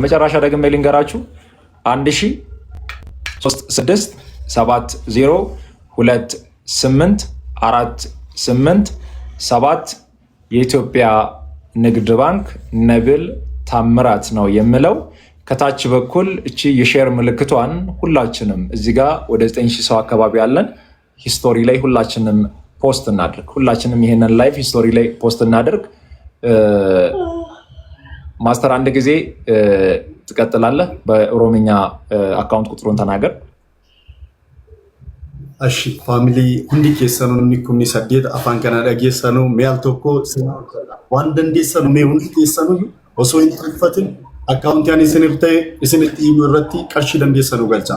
የመጨረሻ ደግሜ ልንገራችሁ 136702848 የኢትዮጵያ ንግድ ባንክ ነብል ታምራት ነው የምለው። ከታች በኩል እቺ የሼር ምልክቷን ሁላችንም እዚህ ጋር ወደ 9000 ሰው አካባቢ ያለን ሂስቶሪ ላይ ሁላችንም ፖስት እናድርግ። ሁላችንም ይሄንን ላይፍ ሂስቶሪ ላይ ፖስት እናድርግ። ማስተር አንድ ጊዜ ትቀጥላለህ። በኦሮምኛ አካውንት ቁጥሩን ተናገር። እሺ ፋሚሊ ሁንዲ ኬሰኑ ኒኩኒ ሰዴት አፋን ከናዳ ጌሰኑ ሚያል ቶኮ ዋንደን ጌሰኑ ሜ ሁንዲ ኬሰኑ ኦሶ ኢንትሪፈትን ያን ስንርተ ኢስንት ኢምረቲ ቀርሺ ደንዴሰኑ ገልጫ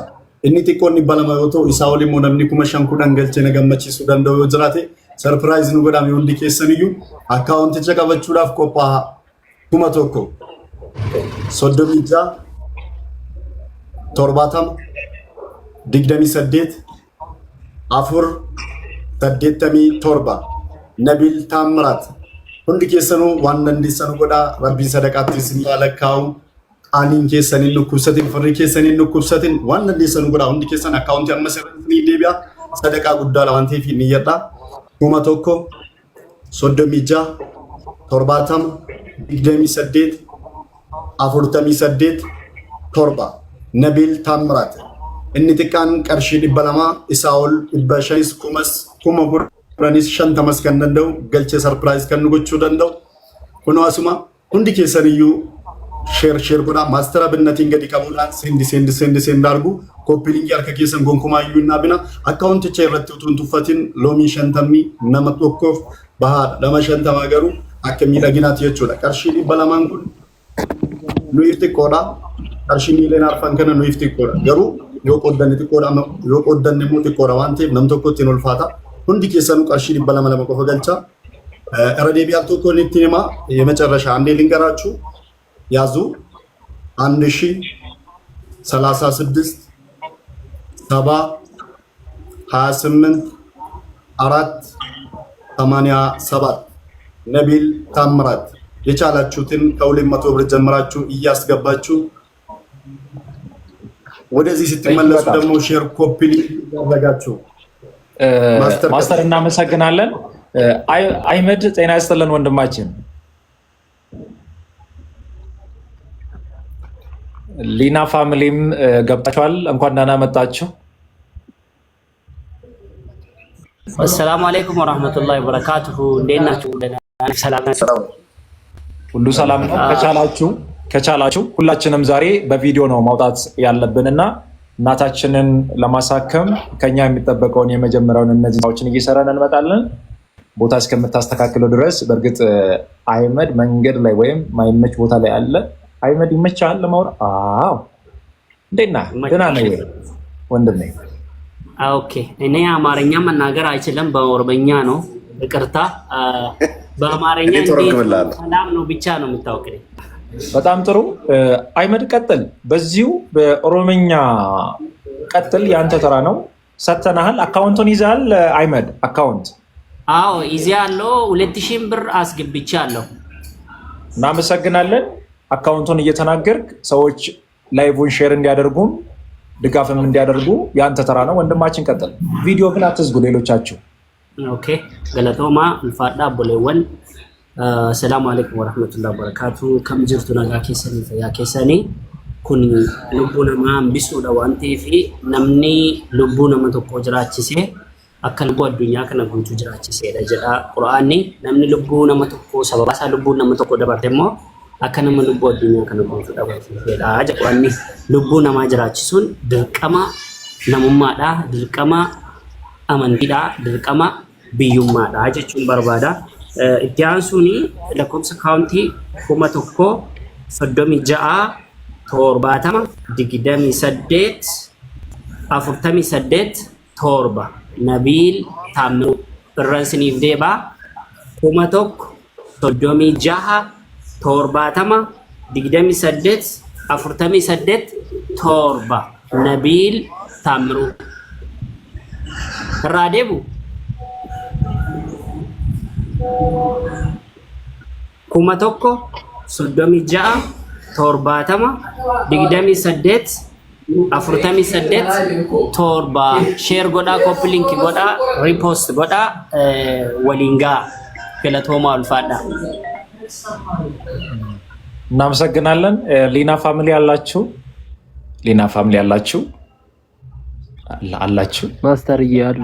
እኒ ጢቆኒ ባለማዮቶ ኢሳ ወሊሞ ነምኒ ኩመሸንኩ ደንገልቼ ነገመቺሱ ደንደው ጅራቴ ሰርፕራይዝ ኑ ጎዳሚ ሁንዲ እዩ አካውንት ጨቀበችሁዳፍ ቆጳ ቁመቱ እኮ ሶዶ ሚጃ ቶርባታም digdamii saddeet afur saddeettamii torba nabil taamiraat hundi keessanuu waan dandeessanu godhaa rabbiin sadaqaatti isin lakkaa'u qaaniin keessaniin dhukkubsatin firri keessaniin dhukkubsatin waan dandeessanu godhaa hundi keessan akkaawunti amma sirrii deebi'a sadaqaa guddaa waan ta'eef niyyadhaa kuma tokko soddomii ja'a ቶርባተም ዲግደሚ ሰዴት አፉርተሚ ሰዴት ቶርባ ነቢል ታምራት እንትቃን ቀርሺ ድበለማ እሳውል እበሸይስ ኩመስ ኩመጉር ረኒስ ሸን ተመስከነደው ገልቼ ሰርፕራይዝ ከንጎቹ ደንደው ሁኖ አሱማ ሁንዲ ኬሰንዩ ሼር ሼር ጉና ማስተራ ብነት እንገዲ ከቡላ ሴንድ ሴንድ ሴንድ ሴንድ አርጉ ኮፒሊንግ ያርከ ኬሰን ጎንኩማ ዩና ቢና አካውንት ቼ ረትቱን ቱፈቲን ሎሚ ሸንተሚ ነመጥኮፍ ባህር ለመሸንተም አገሩ akka miidhaginaati jechuudha. Qarshii dhibba lamaan kun nu if xiqqoodha. Qarshii miiliyoona arfan kana nu if xiqqoodha. Garuu yoo qooddanne xiqqoodha yoo qooddanne immoo xiqqoodha waan ta'eef nam tokko ittiin ulfaata. Hundi keessanuu qarshii dhibba lama lama qofa galcha. እረ ዴቢ አልቶኮን ቲኒማ የመጨረሻ አንዴ ልንገራችሁ ያዙ አንድ ሺ ሰላሳ ስድስት ሰባ ሀያ ስምንት arat ሰማንያ ሰባት ነቢል ታምራት የቻላችሁትን ከሁለት መቶ ብር ጀምራችሁ እያስገባችሁ ወደዚህ ስትመለሱ ደግሞ ሼር ኮፒ ያደረጋችሁ ማስተር እናመሰግናለን። አይመድ ጤና ያስጥልን ወንድማችን። ሊና ፋሚሊም ገብታችኋል፣ እንኳን ደህና መጣችሁ። አሰላሙ አለይኩም ወራህመቱላሂ ወበረካቱሁ። እንዴት ናችሁ? ሰላም ናችሁ? ሁሉ ሰላም ነው? ከቻላችሁ ከቻላችሁ ሁላችንም ዛሬ በቪዲዮ ነው ማውጣት ያለብንና እናታችንን ለማሳከም ከኛ የሚጠበቀውን የመጀመሪያውን እነዚህ ስራዎችን እየሰራን እንመጣለን። ቦታ እስከምታስተካክለው ድረስ በእርግጥ አይመድ መንገድ ላይ ወይም ማይመች ቦታ ላይ አለ። አህመድ ይመችሃል ለማውራት? አዎ። እንዴት ደህና ነህ ወንድሜ? ኦኬ እኔ አማርኛ መናገር አይችልም፣ በኦሮምኛ ነው። ይቅርታ በአማርኛ ሰላም ነው ብቻ ነው የምታወቅ። በጣም ጥሩ አይመድ፣ ቀጥል። በዚሁ በኦሮምኛ ቀጥል፣ የአንተ ተራ ነው። ሰተናህል። አካውንቱን ይዛል አይመድ? አካውንት አዎ ይዜ ያለው ሁለት ሺህ ብር አስገብቻ አለው። እናመሰግናለን። አካውንቱን እየተናገርክ ሰዎች ላይቡን ሼር እንዲያደርጉም ድጋፍም እንዲያደርጉ የአንተ ተራ ነው። ወንድማችን ቀጥል። ቪዲዮ ግን አትዝጉ። ሌሎቻችሁ ኦኬ። ገለቶማ እንፋዳ ቦሌወን ሰላም አለይኩም ወረህመቱላሂ ወበረካቱ ከምጅርቱ ነጋ ኬሰኒ ፈያ ኬሰኒ ኩን ልቡ ነማ ቢሱ ለዋንቴ ፊ ነምኒ ልቡ ነመ ቶኮ ጅራችሴ አከልጎ አዱኛ ከነ ጅራችሴ ለጀዳ ቁርአኒ ነምኒ ልቡ ነመ ቶኮ ሰበባሳ ልቡ ነመ ቶኮ ደበርቴሞ akka lubbuu addunyaa kana gonfudha fedha jedhu anni lubbuu namaa jiraachisuun dirqama namummaadha, dirqama amantiidha, dirqama biyyummaadha jechuun barbaada. Itti aansuun lakkoofsa kaawuntii kuma tokkoo soddomii ja'a torbaatama digdamii saddeet afurtamii saddeet torba Nabiil Taammiruu irran siniif deebaa kuma tokko soddomii ja'a toorbaatama digdamii saddeet afurtamii saddeet toorba Nabiil Taammiruu irraa deebu kuma tokko soddomii ja'a toorbaatama digdamii saddeet afurtamii saddeet toorba sheer godhaa koppilinkii godhaa riipoost godhaa waliin ga'a filatoomaa ulfaadhaa. እናመሰግናለን። ሊና ፋሚሊ አላችሁ? ሊና ፋሚሊ አላችሁ? አላችሁ? ማስተር እያሉ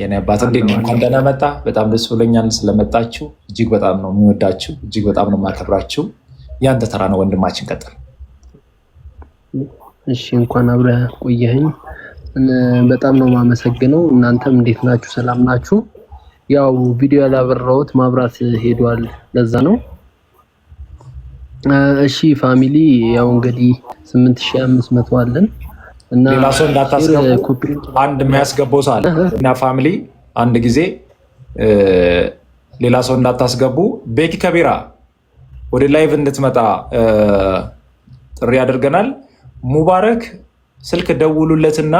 የኔ አባት እንዴት ነው? እንኳን ደህና መጣ። በጣም ደስ ብሎኛል ስለመጣችሁ። እጅግ በጣም ነው የሚወዳችሁ፣ እጅግ በጣም ነው የማከብራችሁ። ያንተ ተራ ነው ወንድማችን፣ ቀጥል። እሺ፣ እንኳን አብረህ ቆየኸኝ። በጣም ነው የማመሰግነው። እናንተም እንዴት ናችሁ? ሰላም ናችሁ? ያው ቪዲዮ ያላበራሁት ማብራት ሄዷል፣ ለዛ ነው። እሺ ፋሚሊ፣ ያው እንግዲህ 8500 አለን እና ሌላ ሰው እንዳታስገቡ፣ አንድ የሚያስገባው ሰው አለ እና ፋሚሊ፣ አንድ ጊዜ ሌላ ሰው እንዳታስገቡ። ቤኪ ከቢራ ወደ ላይቭ እንድትመጣ ጥሪ አድርገናል። ሙባረክ ስልክ ደውሉለትና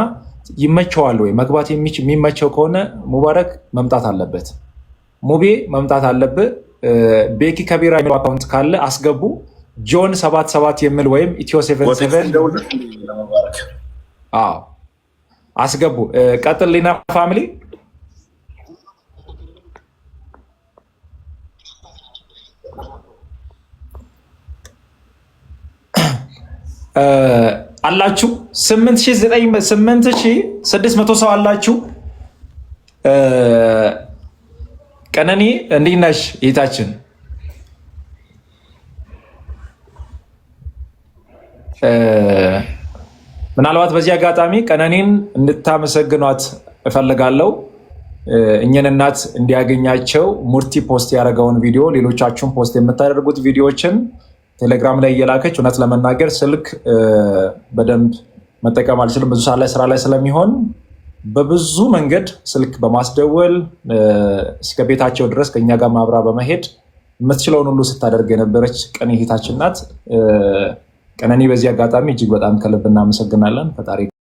ይመቸዋል ወይ መግባት የሚመቸው ከሆነ ሙባረክ መምጣት አለበት፣ ሙቤ መምጣት አለብህ። ቤኪ ከቢራ የሚለው አካውንት ካለ አስገቡ። ጆን ሰባት ሰባት የሚል ወይም ኢትዮ ሴቨን ሴቨን አስገቡ። ቀጥል ሊና ፋሚሊ አላችሁ 8600 ሰው አላችሁ። ቀነኒ እንዴት ነሽ ይታችን ምናልባት በዚህ አጋጣሚ ቀነኒን እንድታመሰግኗት እፈልጋለሁ። እኝን እናት እንዲያገኛቸው ሙርቲ ፖስት ያደረገውን ቪዲዮ ሌሎቻችሁን ፖስት የምታደርጉት ቪዲዮዎችን ቴሌግራም ላይ እየላከች እውነት ለመናገር ስልክ በደንብ መጠቀም አልችልም። ብዙ ሰዓት ላይ ስራ ላይ ስለሚሆን በብዙ መንገድ ስልክ በማስደወል እስከ ቤታቸው ድረስ ከእኛ ጋር ማብራ በመሄድ የምትችለውን ሁሉ ስታደርግ የነበረች ቀነኒ እህታችን ናት። ቀነኒ በዚህ አጋጣሚ እጅግ በጣም ከልብ እናመሰግናለን። ፈጣሪ